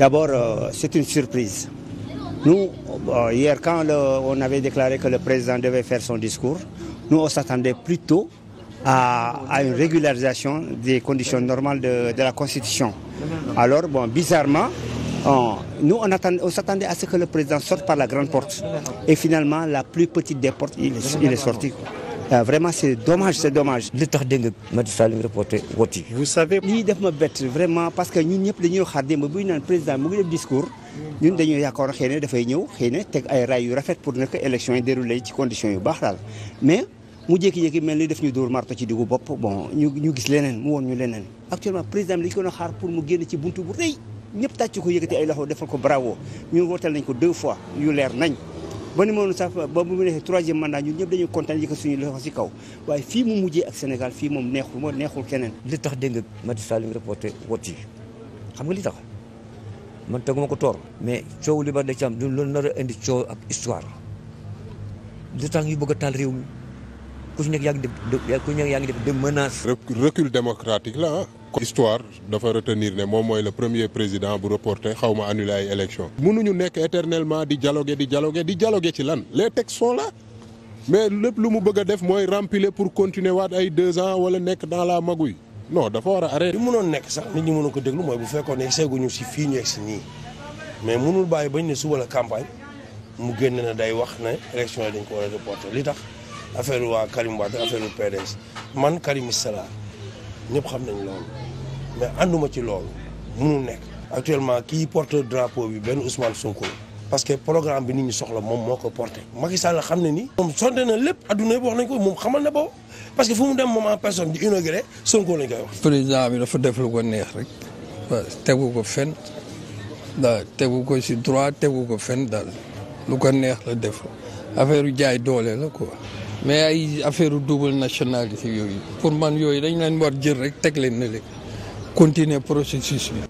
D'abord, euh, c'est une surprise. Nous, euh, hier, quand le, on avait déclaré que le président devait faire son discours, nous, on s'attendait plutôt à, à, une régularisation des conditions normales de, de la Constitution. Alors, bon, bizarrement, on, nous, on, on s'attendait à ce que le président sorte par la grande porte. Et finalement, la plus petite des portes, il, il est sorti. Euh, vraiment c' est dommage c' est li tax dégg nga Macky Sall ngi reporté vote yi. vous savez. def ma bett vraiment parce que ñun ñëpp dañuy xaar démb bu ñu naan président mu ngi def discours. ñun dañoo yaakaar xëy dafay ñëw xëy na teg ay raay yu rafet pour nekk élection yi déroulé ci conditions yu baax daal mais. mu jékki-jékki mel ni def ñu dóor marto ci diggu bopp bon ñu gis leneen mu woon ñu leneen actuellement président bi ko doon xaar pour mu génn ci buntu bu rëy ñëpp tàcc ko yëkkati ay loxo defal ko bravo ñun wooteel nañ ko deux fois yu leer nañ. ba ni moonu sax ba mu neexee troisième mandat ñun ñëpp dañuy kontaan yëkkat suñu loxo si kaw waaye fii mu mujjee ak Sénégal fii moom neexul moo neexul keneen li tax dégg nga Macky Sall ngi reporté vote yi xam nga li tax man teguma ko toor mais coow li ba da ci am du loolu nar a indi coow ak histoire li tax ñu bëgg a taal réew mi ku ci nekk yaa ngi def ku ci nekk yaa ngi def des menaces recul démocratique la histoire dafa retenir ne moom mooy le premier président bu reporté xaw ma annulé ay élection mënuñu nekk éternellement di dialoguer di dialoguer di jaloge ci lan les teg sont mais lép lu mu bëgg a def mooy rempiler pour continuer waat ay deux ans wala nekk dans la magouille non dafa war a arrêter. li mënoon nekk sax nit ñi mënu ko déglu mooy bu fekkoon ne seeguñu si fii ñu egg si nii mais mënul bàyyi bañ ne suba la campagne mu génn na day wax ne élection yi dañ ko war a reporté li tax affaire waa Karim Wade affaire PDS man Karim ñëpp xam nañ loolu mais ànduma ci loolu mënul nekk. actuellement kii porte drapeau bi benn Ousmane Sonko parce que programme bi nit ñi soxla moom moo ko porté. Macky Sall xam ne ni. moom sonte na lépp adduna bi wax nañ ko moom xamal na boobu parce que fu mu dem moom en personne di inauguré Sonko lañ koy wax. président bi dafa def lu ko neex rek tegu ko fenn daal tegu ko si droit tegu ko fen daal lu ko neex la def affaire jaay doole la quoi. mais ay affaire double nationalité yooyu pour man yooyu dañ leen war jël rek teg leen na leen continuer processus